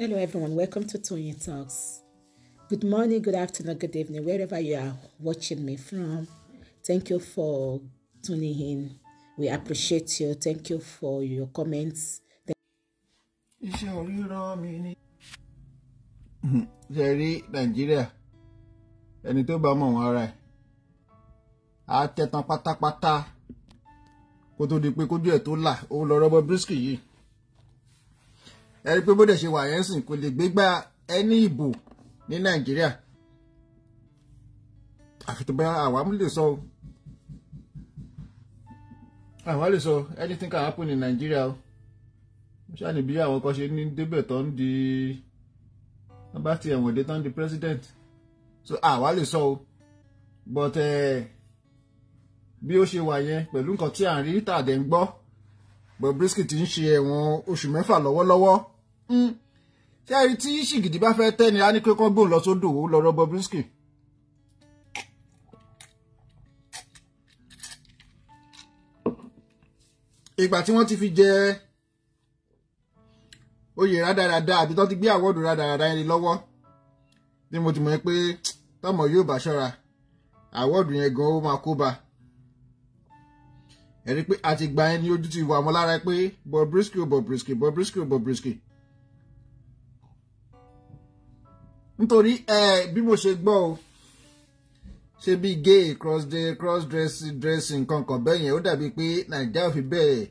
Hello, everyone. Welcome to Toyeen Talks. Good morning, good afternoon, good evening, wherever you are watching me from. Thank you for tuning in. We appreciate you. Thank you for your comments. Iṣẹ́ oríran Ẹni tó bá mọ̀ wọ́n ara ẹ̀. A tẹ̀tàn pátápátá kó tó di pé kójú ẹ̀ tó là ó lọ rọ́bọ̀ bírísìkì yìí ẹ rí pé bó dẹ̀ ṣe wà yẹn sìn kò lè gbégbá ẹni ìbò ní nàìjíríà àfi tó bá àwa lè sọ o àwa lè sọ anything can happen in Nigeria o ṣáàní bí àwọn kan ṣe ní débẹ̀ tó ń di wọ́n bá ti ẹ̀wọ̀n dé tó ń di president so àwa lè sọ o but eh, bí ó ṣe wà yẹn pẹ̀lú nǹkan tí à ń rí tàdé ń gbọ́. Bobrisky ti ń ṣe ẹ̀wọ̀n oṣù mẹ́fà lọ́wọ́lọ́wọ́ mm. ṣé ẹni tí ṣìgìdì bá fẹ́ tẹ́ni á ní pé kán gbòòn lọ sódò ó lọ́rọ́ Bobrisky. ìgbà tí wọ́n ti fi jẹ oyè rádaràda àbí tó ti gbé àwọ́dù rádaràda yẹn lọ́wọ́ ni mo ti mọ̀ pé tọmọ yóò bá ṣọ́ra àwọ́dù yẹn gan ó máa kó ba ẹni pé àti gba ẹni ojú ti wà wọn lára pé Bobrisky o Bobrisky Bobrisky o Bobrisky nítorí ẹ bí mo ṣe gbọ́ o ṣe bí gay cross cross dressing dressing kankan bẹ́ẹ̀ yẹn ó dàbí pé nàìjíríà ò fi bẹ́ẹ̀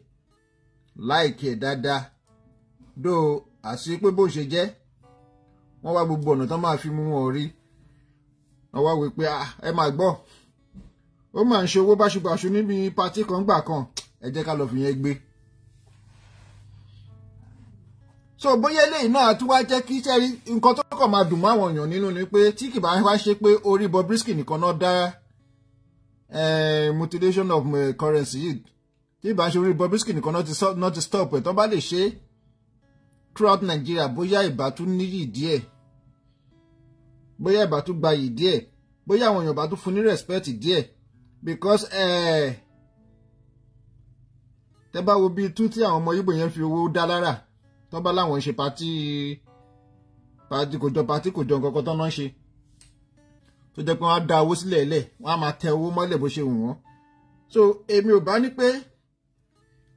láìkí ẹ̀ dáadáa dó àṣì pé bó ṣe jẹ́ wọ́n wá gbogbo ọ̀nà tán máa fi mú wọn rí wọ́n wá wí pé ah, ẹ máa gbọ́ ó máa ń ṣe owó báṣubàṣu níbi patí kan gbà kan ẹ jẹ́ ká lọ fi yẹn gbé. so bóyá eléyìí náà tún wá jẹ́ kí sẹ́rí nǹkan tó kàn máa dùn mọ́ àwọn èèyàn nínú ni pé tí kì bá wá ṣe pé orí Bobrisky nìkan náà dá mutilation of currency yìí tí ìbá ṣe orí Bobrisky nìkan náà ti stop ẹ̀ tó bá lè ṣe throughout Nigeria bóyá ìbá tún níyì díẹ̀ bóyá ìbá tún gbayì díẹ̀ bóyá àwọn èèyàn bá tún fún ní respect díẹ̀ because eh, tẹ́ bá wo bíi tú tí àwọn ọmọ Yíbò yẹn fi owó dá lára tán bá láwọn ń ṣe pátí pátí kò jọ pátí kò jọ nǹkan kan tán náà ń ṣe tó jẹ́ pé wọ́n á da owó sílẹ̀ lẹ̀ wọ́n á máa tẹ owó mọ́lẹ̀ bó ṣe wù wọ́n so èmi ò bá ní pé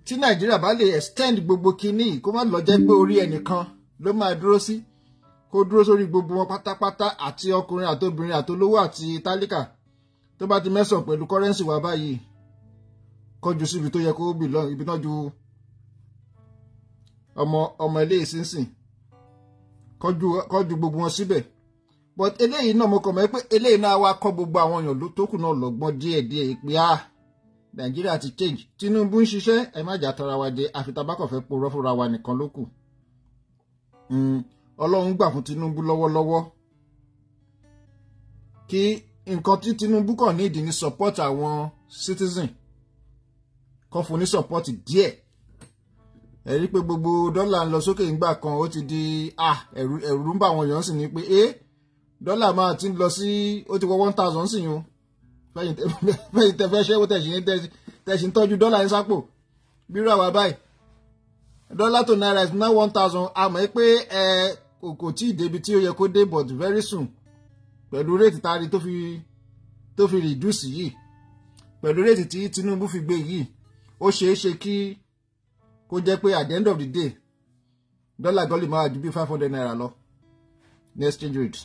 tí nàìjíríà bá lè extend gbogbo kinní kó má lọ jẹ́ pé orí ẹnìkan ló máa dúró sí kó dúró sórí gbogbo wọn pátápátá àti ọkùnrin àtobìnrin àtolówó àti tálíkà tó bá ti mẹ́sàn pẹ̀lú kọ́rẹ́ǹsì wa báyìí kọjú síbi tó yẹ kó bì lọ ibi náà ju ọmọ ọmọ ilé ìsinsìn kọjú kọjú gbogbo wọn síbẹ̀ but eléyìí náà mo kọ̀ mọ́ pé eléyìí náà wá kọ́ gbogbo àwọn èèyàn ló tó kù náà lọ́gbọ́n díẹ̀ díẹ̀ pé ah nàìjíríà ti change tinubu ń ṣiṣẹ́ ẹ má jà tara wa jẹ àfitabakọ̀ fẹ́ porọ́ fúnra wa nìkan ló kù hmm, ọlọ́run gbà fún tinubu lọ́wọ́lọ́wọ́ kí nǹkan tí Tinubu kàn ní ìdí ní support àwọn citizen kan fún ní support díẹ̀ ẹ rí pé gbogbo dọ́là ń lọ sókè ńgbà kan ó ti di ah, ẹ̀rù ń bà wọ́n yàn sí ni pé ẹ́ eh, dọ́là máa ti lọ sí ó ti wọ one thousand sí yun fẹ́yìn tẹ fẹ́ ṣe wọ́n tẹ̀sí ń tọ́jú dọ́là ní sápò bírò àwa báyìí dọ́là tó náírà is now one thousand àmọ́ pé ẹ eh, kò tí ì débi tí ó yẹ kó dé but very soon pẹ̀lú réètì tari tó fi tó fi rìdúsì yìí pẹ̀lú réètì tí Tinubu fi gbé yìí ó ṣeé ṣe kí kó jẹ́ pé at the end of the day dọ́là gọ́lì máa ju bí five hundred naira lọ ní exchange rate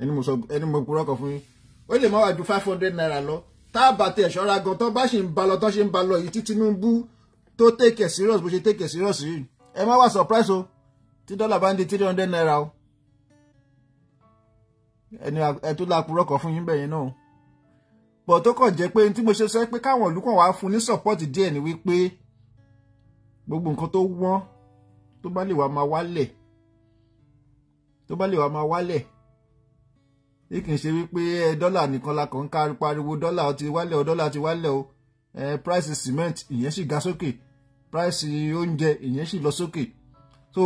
ẹni mo sọ ẹni mo kúrọ́ kan fún yín ó lè má ju five hundred naira lọ tá a bá tiẹ̀ ṣọ́ra gan tán bá ṣe ń ba lọ tán ṣe ń ba lọ yìí tí Tinubu tó take it serious bó ṣe take it serious yìí ẹ má wà surprise o tí dọ́là bá ń di three hundred naira o ẹni ẹ tó lápúrọ́ kan fún yín bẹ́ẹ̀ yẹn náà bọ̀ tó kàn jẹ́ pé tí mo ṣe sọ pé káwọn ìlú kan wàá fún ní sọ́pọ́ọ̀tì díẹ̀ ni wípé gbogbo nǹkan tó wọ́n tó bá lè wá máa wálẹ̀ tó bá lè wá máa wálẹ̀ bí kì í ṣe wípé dọ́là nìkan la kàn ń kárí pariwo dọ́là ti wálẹ̀ o dọ́là ti wálẹ̀ o price cement ìyẹn sì ga sókè price oúnjẹ ìyẹn sì lọ sókè so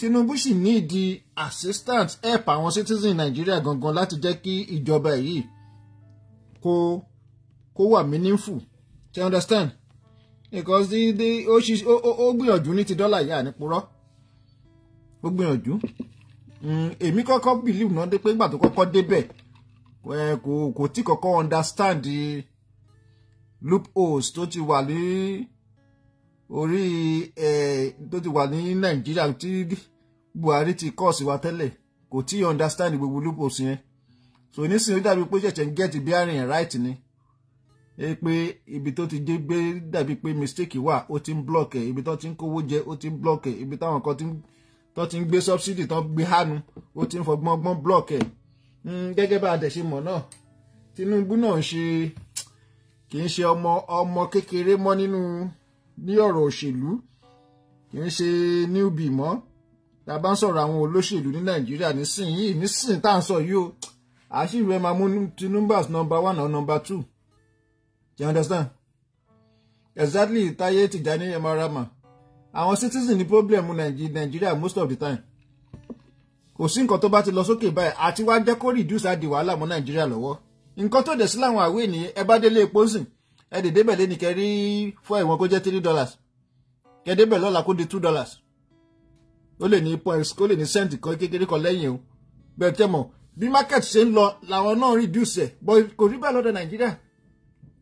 Tinubu sì ní ìdí assistance help àwọn citizen Nigeria gangan láti jẹ́ kí ìjọba yìí kó kó wà meaningful you understand because the the ó ṣi ó gbìyànjú ní ti dọ́là yìí ànípurọ́ ó gbìyànjú hmm, èmi kọ́kọ́ believe náà dé pé nígbà tó kọ́kọ́ débẹ̀ kò kò tí kọ́kọ́ understand the loopholes tó ti wà ní orí ẹ̀ tó ti wà ní nàìjíríà tí buhari ti kọ́ọ̀sì wa tẹ́lẹ̀ kò tí ì understand gbogbo lupus yẹn so nísìnyí ó dàbí pé ṣẹ̀ṣẹ̀ ń get bearing right ni pé ibi tó ti dé gbé dàbí pé mistake wà ó ti ń block ẹ̀ ibi tó ti ń kówó jẹ ó ti ń block ẹ̀ ibi táwọn kan tó ti ń gbé subsidy tó gbé hánu ó ti ń fọgbọ́n gbọ́n block ẹ̀ hmm, gẹ́gẹ́ bá a dẹ̀ ṣe mọ̀ náà Tinubu náà ń ṣe kì í ṣe ọmọ ọmọ kékeré mọ́ nínú. No ní ọ̀rọ̀ òṣèlú kì í ṣe newbie mọ́ tá a bá ń sọ̀rọ̀ àwọn olóṣèlú ní nàìjíríà nísìnyí nísìnyí tá à ń sọ yìí o àṣìwẹ̀ máa mú Tinubu as number one or number two do you understand exactly Táyé Tìjání emarama àwọn citizen ní problem nàìjíríà most of the time kò sí nǹkan tó bá ti lọ sókè báyìí àti wá jẹ́ kó reduce àdìwálà mọ́ nàìjíríà lọ́wọ́ nǹkan tó dẹ̀ sí láwọn àwé nìyẹn ẹ bá délé epo sìn ẹ dè débẹ̀ lé ní kẹ rí fún ẹ̀wọ̀n kó jẹ́ three dollars kẹ débẹ̀ lọ́la kó di two dollars ó lè ní points ó lè ní cent kan kékeré kan lẹ́yìn o bẹ́ẹ̀ tẹ́ mọ̀ bí market ṣe ń lọ làwọn náà reduce ẹ̀ bọ́ kò rí bẹ́ẹ̀ lọ́dọ̀ nàìjíríà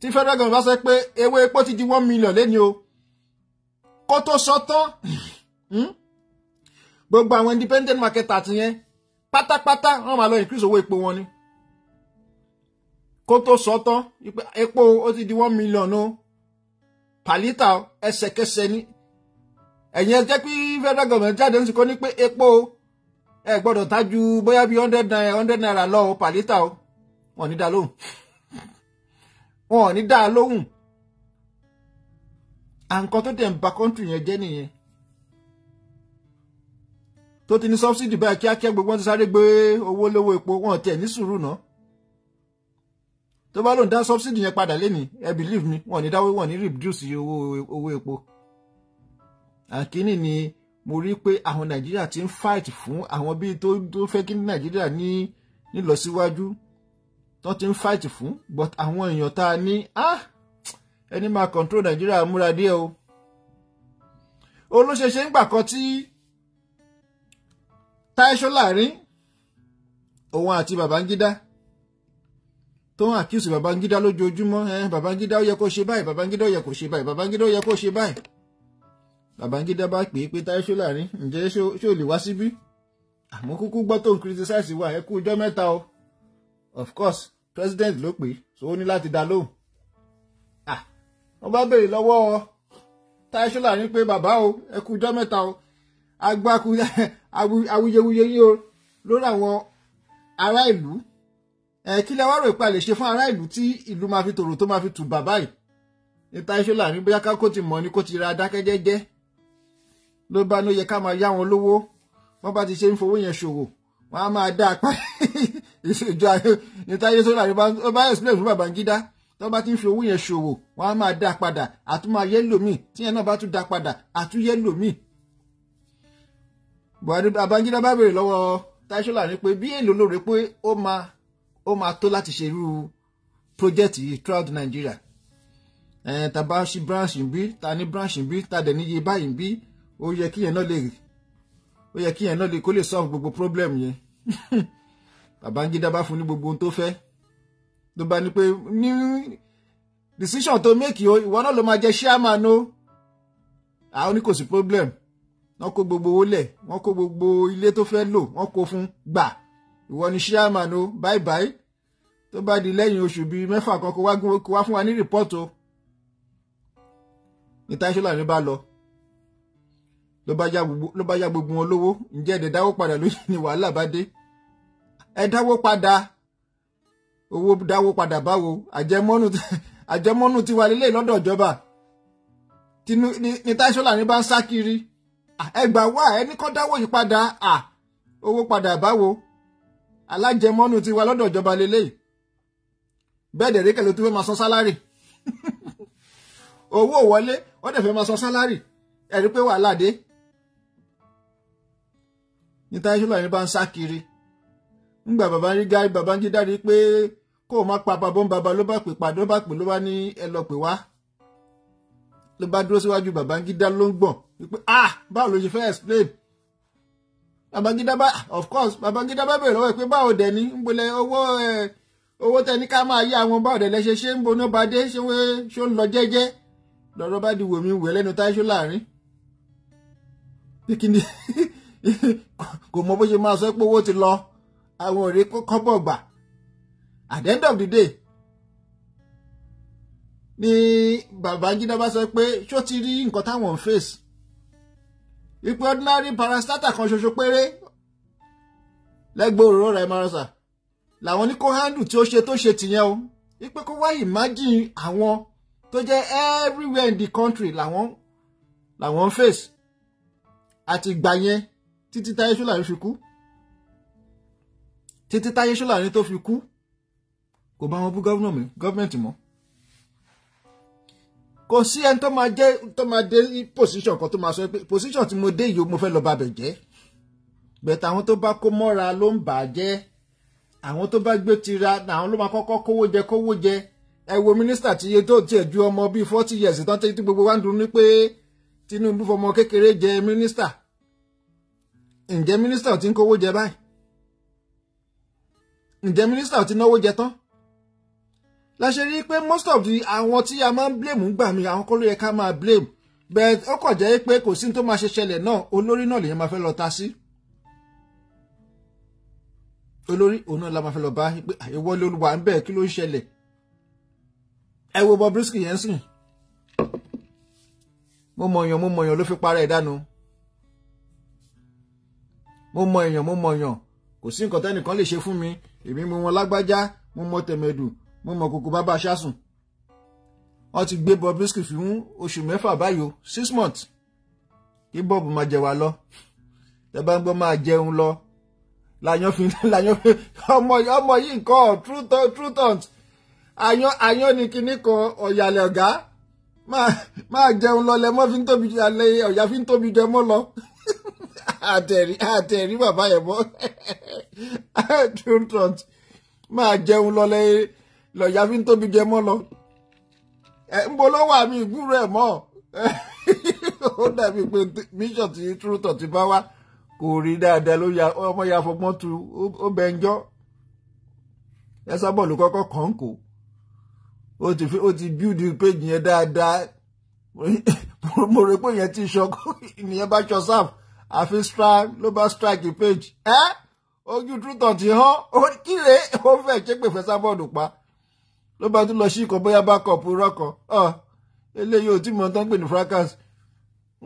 tí federal government bá sọ pé ewé epo ti di one million lẹ́ni o kó tó sọ tán hmm, gbogbo àwọn independent market àtìyẹn pátápátá wọ́n máa lọ increase owó epo wọn ni kó tó sọtọ́ epo ó ti di one million o pàlítà ẹsẹ̀kẹsẹ̀ ni ẹ̀yin ẹ jẹ́ pé federal government jáde ń sìnkó ní pé epo ẹ gbọ́dọ̀ ta ju bóyá bíi hundred naira hundred naira lọ o pàlítà o wọn ò ní dá lóhùn wọn ò ní dá lóhùn à nǹkan tó dẹ̀ ń ba kọ́ńtù yẹn jẹ́ nìyẹn tó ti ní subsidy báyìí kíákíá gbogbo wọn ti sáré gbé owó lówó epo wọn ò tiẹ̀ ní sùúrù náà tó bá lóun dá subsidy yẹn padà lẹ́ni ẹ believe me wọ́n ní dáwọ́ wọ́n ní reduce owó owó epo àkíní ni mo rí pé àwọn nàìjíríà ti ń fight fún àwọn bíi tó tó fẹ́ kí nàìjíríà ní nílọsíwájú tó ti ń fight fún but àwọn èèyàn tá a ní ah ẹni máa control nàìjíríà múra díẹ̀ o olóṣèṣe ń gbà kan tí Táíṣọ́ Láàrin òun àti Babangida tó ń àkíyèsí Babangida lójoojúmọ́ ẹ Babangida ó yẹ kó ṣe báyìí Babangida ó yẹ kó ṣe báyìí Babangida ó yẹ kó ṣe báyìí Babangida bá pè é pé Táyé Ṣólàrí ǹjẹ́ ṣó lè wá síbí àmọ́ kúkú gbọ́ tó criticize wa ẹ kú ọjọ́ mẹ́ta o of course president ló pè so ó ní láti dá lóhùn ah wọ́n bá béèrè lọ́wọ́ ọ Táyé Ṣólàrí pé bàbá o ẹ kú ọjọ́ mẹ́ta o agbáku awuyewuye yìí o lórí àwọn ará ìlú ẹ kí lẹ wá rò pé a lè ṣe fún ará ìlú tí ìlú máa fi tòrò tó máa fi tù bàbá yìí níta ìṣọlá ní bóyá ká kó ti mọ̀ ni kó ti ra dákẹ́jẹ́jẹ́ ló bá ní ó yẹ ká máa yá wọn lówó wọ́n bá ti ṣe ń fowó yẹn ṣòwò wọ́n á máa dá apá ìṣèjọ ayé níta ìṣọlá ní ó bá explain fún Babangida tó bá ti ń fi owó yẹn ṣòwò wọ́n á máa dá padà àtúmọ̀ yẹ́lòmíì tíyẹn náà bá tún dá padà àtúyẹ́lòmíì Babangida bá béèrè lọ́wọ́ Táíṣọ́lá ní pé bí èlò lóore pé ó máa ó máa tó láti ṣe irú project yìí throughout Nigeria ẹ̀ẹ́n tàbá ṣí branch ń bí ta ní branch ń bí ta dẹ̀ níye báyìí ń bí ó yẹ kíyẹn náà lè ó yẹ kíyẹn náà lè kó lè solve gbogbo problem yẹn Babangida bá fún ní gbogbo ohun tó fẹ́ tó bá ní pé ní decision to make yo. ìwọ náà ló máa jẹ chairman o àwọn ní kò sí problem wọ́n kó gbogbo owó lẹ̀ wọ́n kó gbogbo ilé tó fẹ́ lò wọ́n kó fún gbà ìwọ ni chairman o bye bye tó bá di lẹ́yìn oṣù bíi mẹ́fà kan kó wá fún wa ní rìpọ́ọ̀tì o ní táṣọ́là ní bá lọ ló bá yá gbogbo wọn lówó ǹjẹ́ ẹ̀dẹ̀ dáwó padà lóyún ni wàhálà bá dé ẹ dáwó padà owó dáwó padà báwo àjẹmọ́nù tiwa lélẹ̀ lọ́dọ̀ ìjọba ní táṣọ́là ní bá ń sá kiri ẹ gbà wá ẹ dáwó yìí padà owó padà báwo alájẹmọ́nú ti wà lọ́dọ̀ ìjọba lélẹ́yìí bẹ́ẹ̀ dẹ̀ rékẹ̀ ló tún fẹ́ máa san sálárì owó wọlé wọ́n dẹ̀ fẹ́ máa san sálárì ẹ̀rí pé wàhálà dé ní táyé ṣọlá ní bá ń sá kiri ńgbà Babangida Babangida rí pé kó o má pa babó ń baba ló bá pè padà ló bá pè ló bá ní ẹ lọ pè wá ló bá dúró síwájú Babangida ló ń gbọ̀n wípé ah báwo ló ṣe fẹ́ explain Babangida bá of course Babangida bá bèrè lọ́wọ́ pé báwo dẹ̀ ní ń bolẹ̀ owó owó tẹni ká máa yá àwọn báwo dẹ̀ lẹ́sẹ̀ ṣé ń bo ní ọba dé ṣé ṣó ń lọ jẹ́jẹ́ lọ́rọ́ bá di wò mí wẹ̀ lẹ́nu táyé ṣó láàrin kíni kò mọ bó ṣe máa sọ pé owó ti lọ àwọn ọ̀rẹ́ kọ́bọ̀ gbà at the end of the day ni Babangida bá sọ pé ṣó ti rí nǹkan táwọn ń fèsì ipe ordinary parastatal kan ṣoṣo péré lẹ́gbẹ́ òróró rẹ̀ marasa làwọn ní kó handle tí ó ṣe tó ṣe tìyẹn o ipe kó wá imagine àwọn tó jẹ́ everywhere in the country làwọn làwọn ń face àti ìgbà yẹn títí táyé ṣúlàní fi kú títí táyé ṣúlàní tó fi kú kò bá wọn bú gọ́vnà mi gọ́vmẹ̀ntì mọ́ kò sí ẹni tó máa jẹ́ tó máa dé pòsíṣàn kan tó máa sọ pé pòsíṣàn tí mo dé yìí mo fẹ́ lọ bàbẹ̀ jẹ́ bẹ̀tẹ̀ àwọn tó bá kó mọ́ra ló ń bà á jẹ́ àwọn tó bá gbé tira àwọn ló máa kọ́kọ́ kówó jẹ kówó jẹ ẹ wo mínísítà tí iye tó tiẹ̀ ju ọmọ bíi forty years tán tí gbogbo wa ń dùn ní pé Tinubu fọmọ kékeré jẹ mínísítà ǹjẹ́ mínísítà ò ti ń kówó jẹ báyìí ǹjẹ́ mínísítà ò ti náwó jẹ tán la ṣe rí pé most of the àwọn tí a máa ń blame ń gbà mí àwọn kọ́ ló yẹ ká máa blame but ó kàn jẹ́ pé kò sí ní tó máa ṣe ṣẹlẹ̀ náà olórí náà lèyàn máa fẹ́ lọ ta sí olórí òun náà la máa fẹ́ lọ bá pé ìwọ ló wà ń bẹ̀ kí ló ń ṣẹlẹ̀ ẹ wo Bobrisky yẹn sùn mo mọ èèyàn mo mọ èèyàn ló fi para ẹ̀ dànù mo mọ èèyàn mo mọ èèyàn kò sí nǹkan tẹ́nìkan lè ṣe fún mi èmi mo mọ lágbájá mo mọ tẹ̀mẹ̀dù mo mọ̀ kòkó bàbá aṣáṣùn wọ́n ti gbé Bobrisky fún oṣù mẹ́fà báyìí o six months kí Bob máa jẹ wá lọ tẹ bá ń gbọ́ máa jẹun lọ làyàn fi làyàn fi ọmọ ọmọ yìí nǹkan true taunt àyàn àyàn ni kinní kan ọ̀yàlẹ̀ ọ̀gá máa jẹun lọ lẹ́mọ́ fi ń tóbi alẹ́ ọ̀yà fi ń tóbi jẹ lọ àtẹ̀rí àtẹ̀rí bàbá yẹn mọ́ true taunt máa jẹun lọ lẹ́yìn lọ́ọ̀yà fi ń tóbi jẹ mọ́ lọ ẹ ń bo ló wà mí ìgbúrò ẹ̀ mọ́ ó dàbí pé mission ti trútọ̀ ti bá wá kò rí dáadáa ló ya ọmọ ya fọgbọ́n tu ó bẹ ń jọ́ ẹ sábọ̀ ló kọ́kọ́ kàn kó ó ti fi ó ti build page yẹn dáadáa mo rò pé yẹn ti ṣọkọ ìnìyẹn bá ṣọ sáf àfi strike ló bá strike page ẹ ojú trútọ̀ ti hàn ó kí lè ó fẹ́ ṣépè fẹ́ sábọ̀ dùn pa ló bá tún lọ sí ikọ̀ bóyá bákọ̀pù rọ́kọ̀ ọ eléyìí ò tí mọ̀ tán pè ní fracas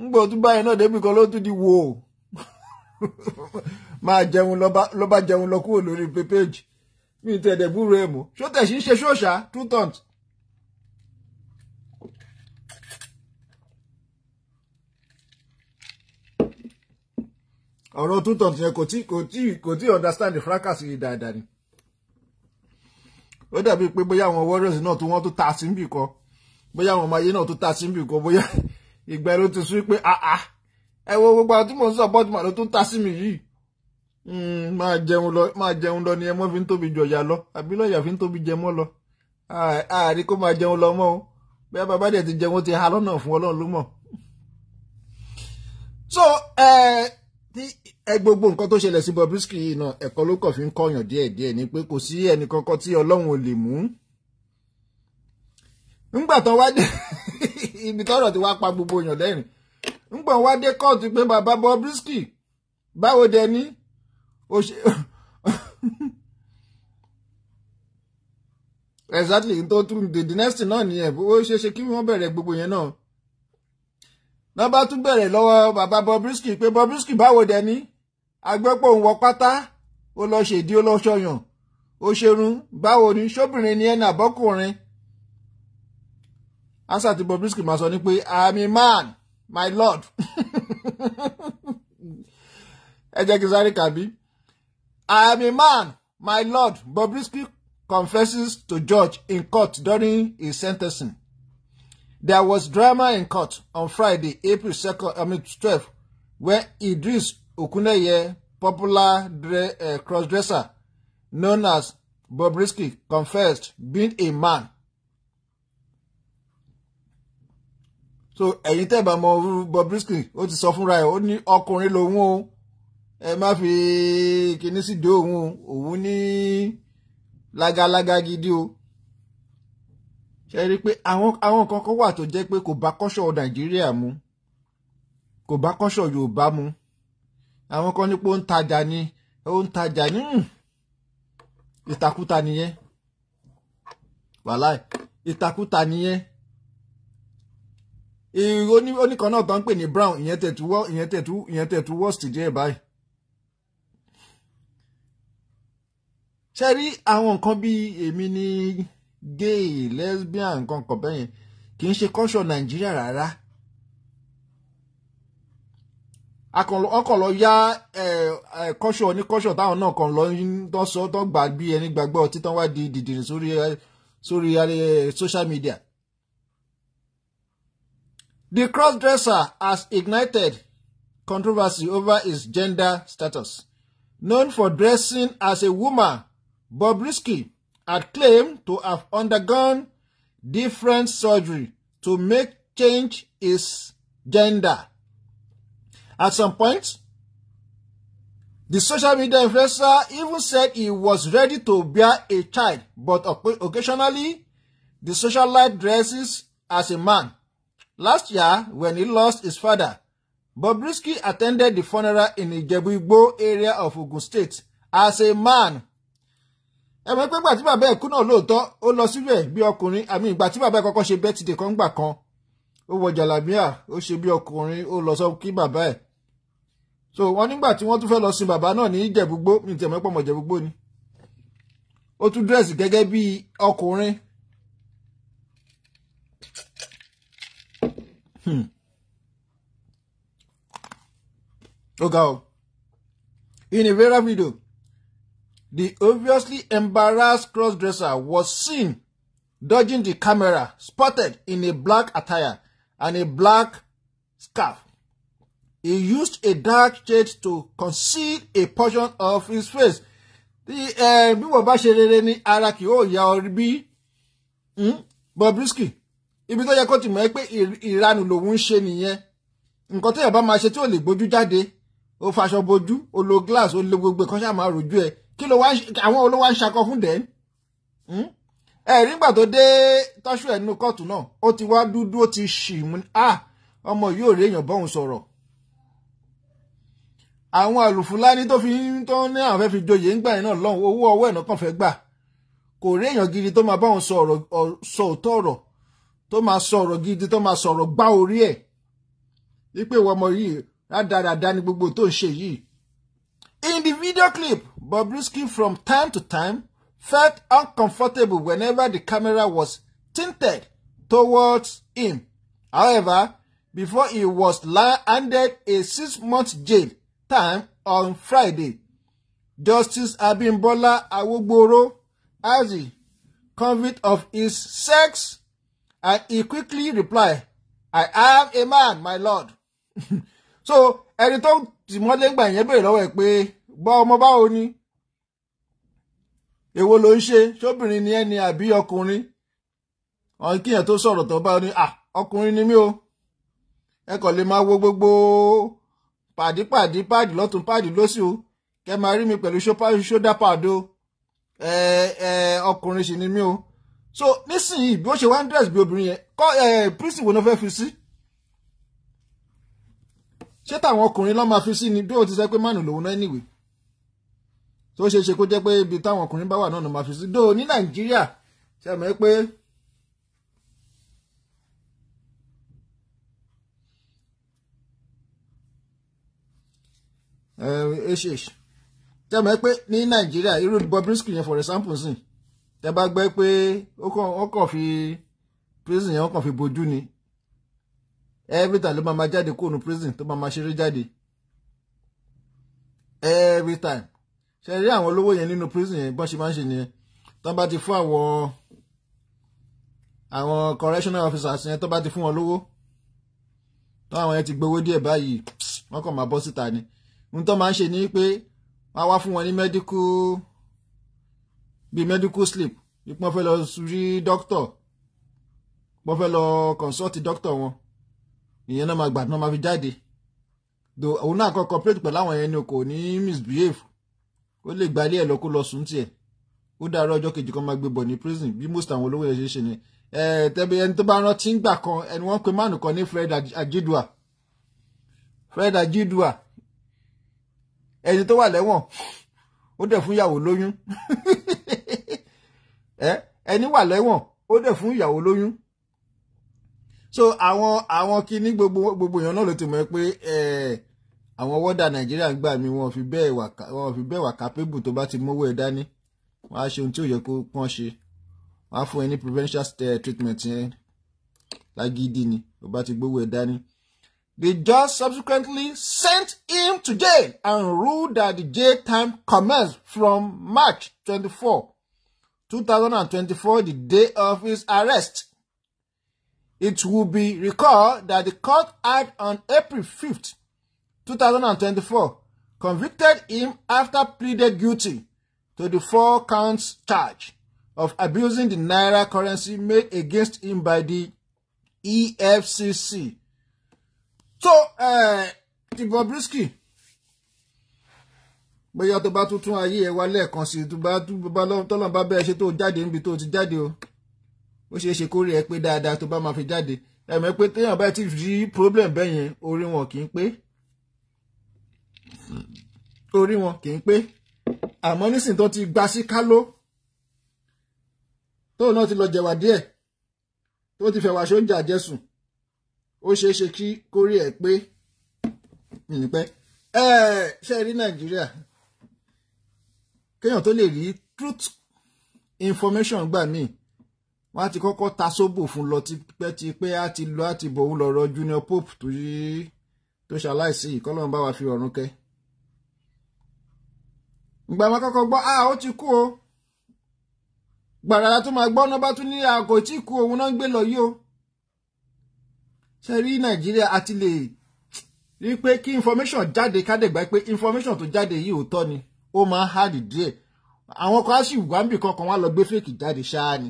ń gbọ́ tún báyìí náà débì ló tún di wò ó máa jẹun ló bá jẹun lọ kúrò lórí pépéjì mi tẹ̀dẹ̀ búrò ẹ̀ mọ́ ṣó ń ṣe ṣóòṣà two tons. ọ̀rọ̀ two tons yẹn kò tí kò tí kò tí understand the fracas yìí dáadáa ni ó dàbí pé bóyá àwọn warriors náà tó wọ́n tó ta sí níbì kan bóyá àwọn ọmọ ayé náà tó ta sí níbì kan bóyá ìgbà ló ti sún pé àá ah, ah, ẹ wo gbogbo àwọn tí mò ń support màá ló tó ta sí mi yìí hmm, máa jẹun lọ máa jẹun lọ ni ẹmọ fi ń tóbi jọ̀yà lọ àbí lọ́yà fi ń tóbi jẹmọ́ lọ àárí kó máa jẹun lọ mọ́ o bẹ́ẹ̀ bàbá dẹ̀ ti jẹun ti ha lọ́nà fún ọlọ́run ló mọ̀. so eh, ẹ gbogbo nǹkan tó ṣẹlẹ̀ sí Bobrisky yìí náà ẹ̀kọ́ ló kàn fi ń kọ̀yàn díẹ̀díẹ̀ ni pé kò sí ẹnìkankan tí Ọlọ́run ò lè mú ńgbà tán wá dé ibi tọ́rọ̀ ti wá pa gbogbo èèyàn lẹ́rìn ńgbà wá dé kóòtù pé bàbá Bobrisky báwo dẹ ní exactly n tó tún the next náà nìyẹn ó ṣeé ṣe kí wọ́n bẹ̀rẹ̀ gbogbo yẹn náà náà bá tún bẹ̀rẹ̀ lọ́wọ́ bàbá Bobrisky pé Bobrisky báwo dẹ ní agbẹ́pọ̀ ń wọ pátá ó lọ ṣèdí ó lọ ṣọyàn ó ṣerun báwo ni ṣóbìnrin ni ẹni àbọ́kùnrin ansa ti Bobrisky máa sọ ni pé i'm a man my lord ẹ jẹ́ kí n sáré kàbí i'm a man my lord Bobrisky confesses to judge in court during his sentencing there was drama in court on Friday April 2nd I mean 12 when Idris Okuneye, popular dre uh, crossdresser known as Bobrisky, confessed being a man. So ẹ̀yin tẹ́ bá Bobrisky ó ti sọ fúnra ẹ̀ ó ní ọkùnrin lòun o ẹ má fi kinní sí di òun o òun ní lágalága gidi o ṣe rí i pé àwọn àwọn kan kan wà tó jẹ́ pé kò bá kọ́ṣọ́ Nàìjíríà mu kò bá kọ́ṣọ́ Yorùbá mu àwọn kan ní pé ó ń tajà ni ó ń tajà ní hmm. ìtakúta nìyẹn wàláì ìtakúta nìyẹn oníkan náà tó ń pè ní brown ìyẹn tẹ̀tú ìyẹn tẹ̀tú ìyẹn tẹ̀tú worst díẹ̀ báyìí. ṣe rí àwọn nǹkan bíi èmi ní gay lesbian nǹkan kan bẹ́yẹn kì í ṣe culture nàìjíríà rárá. ọkàn lọ yá kọ́ṣọ̀ oníkọ́ṣọ̀ táwọn náà kàn lọ ń sọ tó gbà bí ẹni gbàgbọ́ ọtí wá di dìdìrín sórí social media. The crossdresser has ignited controversy over his gender status. Known for dressing as a woman, Bobrisky had claimed to have undergone different surgery to make change his gender. At some point, the social media influencer even said he was ready to bear a child, but occasionally, the socialite dresses as a man. Last year, when he lost his father, Bobrisky attended the funeral in the igbo area of Ogun State as a man. ẹ pé ìgbà bàbá ẹ̀ náà lóòótọ́ ó lọ síbẹ̀ bí ọkùnrin àmì ìgbà tí bàbá ẹ̀ kọ́kọ́ ṣe bẹ́tìdè kan gbà kan ó wọ jàlámíà ó ṣe bí ọkùnrin ó lọ sọ kí bàbá ẹ̀ so wọn nígbà tí wọ́n tún fẹ́ lọ sin bàbá náà ní ìjẹ̀búgbó ní tẹ̀mọ́ pọ̀mọ̀ ìjẹ̀búgbó ni ó tún dírẹ́sì gẹ́gẹ́ bí ọkùnrin hmm. ó ga o in a viral video the obviously embarrassed crossdresser was seen dodging the camera spotted in a black attire and a black scarf. He used a dark shade to conceal a portion of his face. Tí bí wọ́n bá ṣe rere ní ara kì yóò ya ọ bí hmm, Bobrisky. Ibi tó yẹ kó ti mọ̀ ẹ́ pé ìranù lòun ń ṣe nìyẹn. Nǹkan téèyàn bá máa ṣe tí ò lè gbójú jáde. Ó faṣọ bojú, ó lo glass, ó lo gbogbo ìkọ́ṣà máa rojú ẹ̀. Kí ló wá àwọn olówó ń ṣakọ fún dẹ́n? ẹ̀rí nígbà tó dé tọ́ṣù ẹ̀ nínú ti wá dúdú ó ti ṣì mú a ah! ọmọ yìí ò rí bọ́hùn sọ̀rọ̀ àwọn àlùfúlání tó fi ń ní àwọn fẹ́ fi joyè náà lọ́hùn owó ọwọ́ fẹ́ gbà gidi tó máa bọ́hùn sọ òótọ́ ọ̀rọ̀ tó máa sọ gidi tó máa sọ̀rọ̀ gbá orí ẹ̀ wípé ìwọ ọmọ yìí ni gbogbo tó ń ṣe yìí. In the video clip Bobrisky from time to time felt uncomfortable whenever the camera was tinted towards him. However, before he was handed a six-month jail time on Friday, Justice Abimbola Awogboro as the convict of his sex, and he quickly replied, I am a man, my lord. so, ẹni tó tìmọ́lé gbà yẹn béèrè lọ́wọ́ ẹ̀ èwo ló ń ṣe ṣóbìnrin ni ẹni àbí ọkùnrin ọ̀hún kíyàn tó sọ̀rọ̀ tó bá ní à ọkùnrin ni mí o ẹ kàn lè máa wo gbogbo pàdípàdí páàdì lọ́tún páàdì lósì o kẹ máa rí mi pẹ̀lú ṣódà pàdé ọkùnrin sì ni mí o so nísìnyìí bí ó ṣe wá ń dírẹ̀sì bí obìnrin yẹn kọ́ ẹ wo ló fẹ́ fi sí ṣé táwọn ọkùnrin ló máa fi sí ni bí ó ti sẹ́ pé mánu lòun náà níwèé tó ṣe ṣe kó jẹ́ pé ibi táwọn ọkùnrin bá wà náà ló máa fi sí dó ní nàìjíríà ṣe mọ̀ pé hh eh, mọ̀ pé ní nàìjíríà irú Bobrisky for example sìn bá pé ó kàn fi prison yẹn ó kàn fi bojú ni jáde prison tó ṣe rí àwọn olówó yẹn nínú prison yẹn bọ́n ṣe máa ń ṣe nìyẹn tó bá ti fún àwọn àwọn correctional officers yẹn tó bá ti fún wọn lówó tó àwọn yẹn ti gbowó díẹ̀ báyìí wọ́n kàn máa bọ́ síta ni ohun tó máa ń ṣe ni pé wọ́n á wá fún wọn ní medical bíi medical slip wípé wọ́n fẹ́ lọ rí doctor wọ́n fẹ́ lọ consult doctor wọn ìyẹn náà máa gbà tí wọ́n máa fi jáde òun náà kọ́ cooperate pẹ̀lú àwọn yẹn ni o kò ní misbehave ó lè gbalé ẹ̀ lọ kó lọ sùn tiẹ̀ ó dàárọ̀ ọjọ́ kejì kan máa gbé bọ̀ ní prison bí most àwọn olówó yẹn ṣe ṣe ni tẹ́bi ẹni tó bá rántí ń gbà kan ẹni wọ́n pe mánu kan ní Fred Ajidua Fred Ajidua ẹni tó wà lẹ́wọ̀n ó dẹ̀ fún ìyàwó lóyún ẹni wà lẹ́wọ̀n ó dẹ̀ fún ìyàwó lóyún so àwọn àwọn kí ní gbogbo gbogbo èèyàn náà ló ti mọ̀ pé ẹ̀ẹ́ àwọn wọ́dà nàìjíríà ń gbà mí wọn fi bẹ́ẹ̀ wà kápébù tó bá ti mówó ẹ̀ dání wọ́n á ṣe ohun tí ò yẹ kó pọ́n ṣe wọ́n á fún ẹ ní preferential eh, treatment yẹn lágídí ni tó bá ti gbówó ẹ̀ dání. The judge subsequently sent him to jail and ruled that the jail time commenced from March 24, 2024, the day of his arrest. It will be recalled that the court had on April 5th 2024 convicted him after pleaded guilty to the four counts charge of abusing the naira currency made against him by the EFCC. So, uh, Bobrisky, bóyá tó bá tuntun a year. wá lẹ́ẹ̀kan consider to bá tọ́lọ̀ bá bẹ́ẹ̀ ṣe tó jáde níbi tó be told o ó ṣeé ṣe kó rí ẹ pé dáadáa tó bá máa fi jáde ẹ̀mẹ́ pé téèyàn bá ti rí problem bẹ́yẹn orí wọn kì í pé orí wọn kì í pé àmọ́ nísìnyí tó ti gba sí káló tóun náà ti lọ jẹ̀wà díẹ̀ tó ti fẹ̀wà sóúnjẹ àjẹsùn ó ṣeé ṣe kí kórè ẹ̀ pé nìpẹ́ ẹ ṣe rí nàìjíríà kéèyàn tó lè rí truth information gbà míì wọ́n á ti kọ́kọ́ ta sóbò fún lọ tipẹ́tipẹ́ á ti lọ á ti bọ̀ òun lọ́rọ̀ junior pope tó ṣaláìsí ìkọlọ́run bá wa fi ọ̀run kẹ́ gbà máa kọ́kọ́ gbọ́ a ah, ó ti kú o gbàràrà tó máa gbọ́ ọ́nà bá tún ní a ah, kò tí kú òun náà ń gbé lọ yìí o ṣe rí nàìjíríà àti lè rí pé kí information jáde kádẹ́gbà pé information tó jáde yìí òótọ́ ni ó máa ń hard díẹ̀ àwọn kan á sì wá níbì kankan wá lọ gbé fèkì jáde ṣáá ni.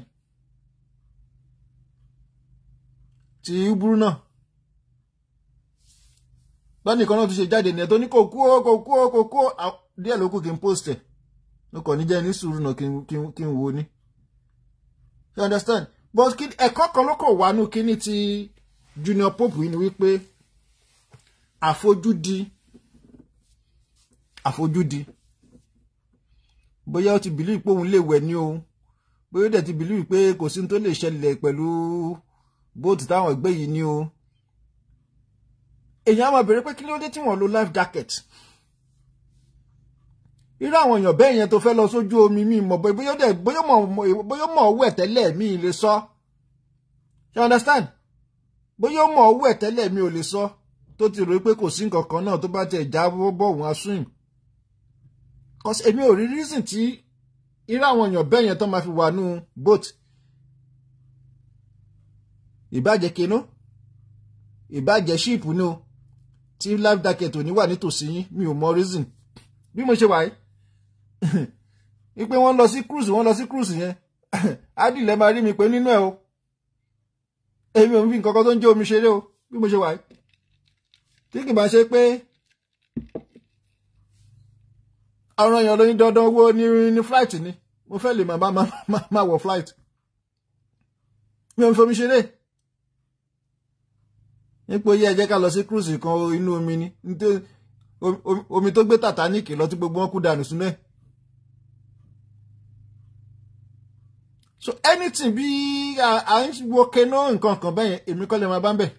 ti iburu náà báni náà tún ṣe jáde nìyẹn tó ní kò kú o kò kú o kò kú o díẹ̀ ló kù kí n post ẹ̀ mo kàn ní jẹ́ ní sùúrù náà kí n wo ni you understand but ẹ̀kọ́ kan ló kàn wá nù kíní ti junior pope yìí ni wípé àfojúdi àfojúdi bóyá ó ti bìlú pé òun lè wẹ̀ ní o bóyá ó dẹ̀ ti bìlú pé kò sí tó lè ṣẹlẹ̀ pẹ̀lú bóòtù táwọn ẹgbẹ́ yìí ní o èèyàn á máa bèrè pé kí ló dé tí wọ́n lo life jacket irú àwọn èèyàn bẹ́ẹ̀ yẹn tó fẹ́ lọ sójú omi mi mọ̀ bóyá mọ̀ owó ẹ̀ tẹ́lẹ̀ mi lè sọ you understand bóyá mọ̀ owó ẹ̀ tẹ́lẹ̀ mi ò lè sọ tó ti rò pé kò sí nǹkan kan náà tó bá tiẹ̀ já bọ́ òun á swim cause èmi ò rí reason tí irú àwọn èèyàn bẹ́ẹ̀ yẹn tó máa fi wà nù boat ìbàjẹ́ kinú ìbàjẹ́ ship ni o tí life jacket ò ní wà nítòsí yín mi ò mọ reason bí mo ṣe wà yìí wípé wọ́n lọ sí cruise wọ́n lọ sí cruise yẹn adìlẹ̀ máa rí mi pé nínú ẹ̀ o èmi ò ń fi nǹkan kan tó ń jẹ́ omi ṣeré o bí mo ṣe wà yìí tí kì bá ṣe pé àwọn èèyàn lóyún dandan owó ní ní flight ni mo fẹ́ lè máa máa wọ̀ flight mi ò ń fomi ṣeré nípò yẹ ẹ jẹ́ ká lọ sí cruise kan inú omi ni omi tó gbé Titanic lọ tí gbogbo wọn kú dànù sínú ẹ̀. so anything bí à ń wo keno nǹkan kan bẹ́yẹn èmi kọ́ lè máa bá ń bẹ̀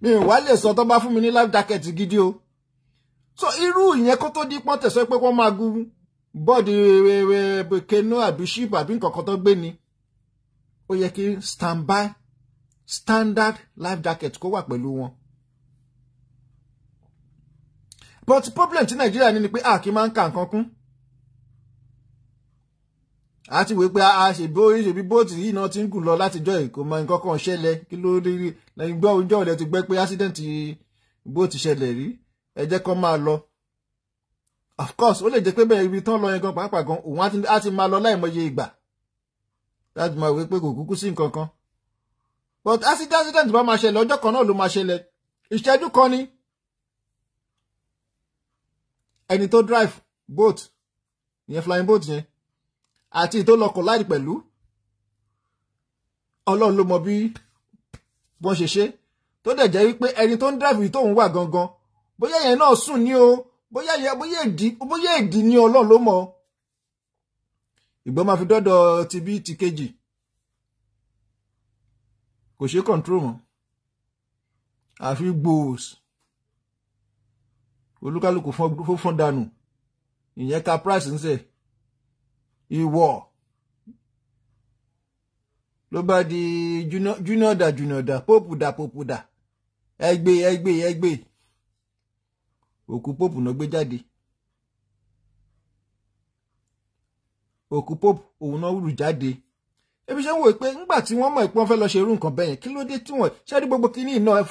mi ò wá lè sọ tó bá fún mi ní life jacket gidi o so irú ìyẹn kó tó di pọ́n tẹ̀sọ́ pé wọ́n máa gun bọ́ọ̀dì eh, eh, keno àbí ship àbí nǹkan kan tó gbé ni ó yẹ kí stand by standard life jacket kó wà pẹ̀lú wọn but problem ti Nàìjíríà ní ni pé a kì í máa ń ka nǹkan kún a ti wí pé a ṣèbó ṣèbí bóòtù yìí náà ti ń gùn lọ látijọ́ yìí kò mọ nǹkan kan ṣẹlẹ̀ kí ló rí rí lẹ́yìn gbọ́ ọjọ́ ìlẹ̀ ti gbẹ́ pé ásídẹ̀ǹtì bóòtù ṣẹlẹ̀ rí ẹ jẹ́ máa lọ. of course ó lè jẹ́ pé bẹ́ẹ̀ ibi tán lọ yẹn gan pàápàá gan òun á ti máa lọ láìmọye ìgbà láti máa wí pé kò kúkú sí nǹkan kan. but ásídẹ̀ǹtì bá máa ṣẹlẹ̀ ọjọ́ kan náà ló máa ṣẹlẹ̀ ìṣẹ́jú kan ni ẹni drive boat ìyẹn flying boat yẹn àti tó lọ collide pẹ̀lú ọlọ́run ló mọ bí wọ́n ṣe ṣe tó dẹ̀ jẹ́ wípé ẹni tó ń dẹ́fì tóun wà gangan bóyá yẹn náà sùn ní o bóyá yẹ bóyá èdì bóyá èdì ní ọlọ́run ló mọ̀ ìgbọ́n máa fi dọ́dọ̀ ti bí ti kejì kò ṣe control mọ́ àfi gbòòs olúkálùkù fún dànù ìyẹn ka price ń sẹ́ẹ̀ ìwọ ló bá di júnàdà júnàdà pópùdà pópùdà ẹgbẹ ẹgbẹ ẹgbẹ òkú pópù náà gbé jáde òkú pópù òun náà rù jáde ebi ṣe ń wò pé ńgbà tí wọ́n mọ̀ pé wọ́n fẹ́ lọ ṣe irú nǹkan bẹ́yẹn kí ló dé tí wọ́n ṣe rí gbogbo kínní náà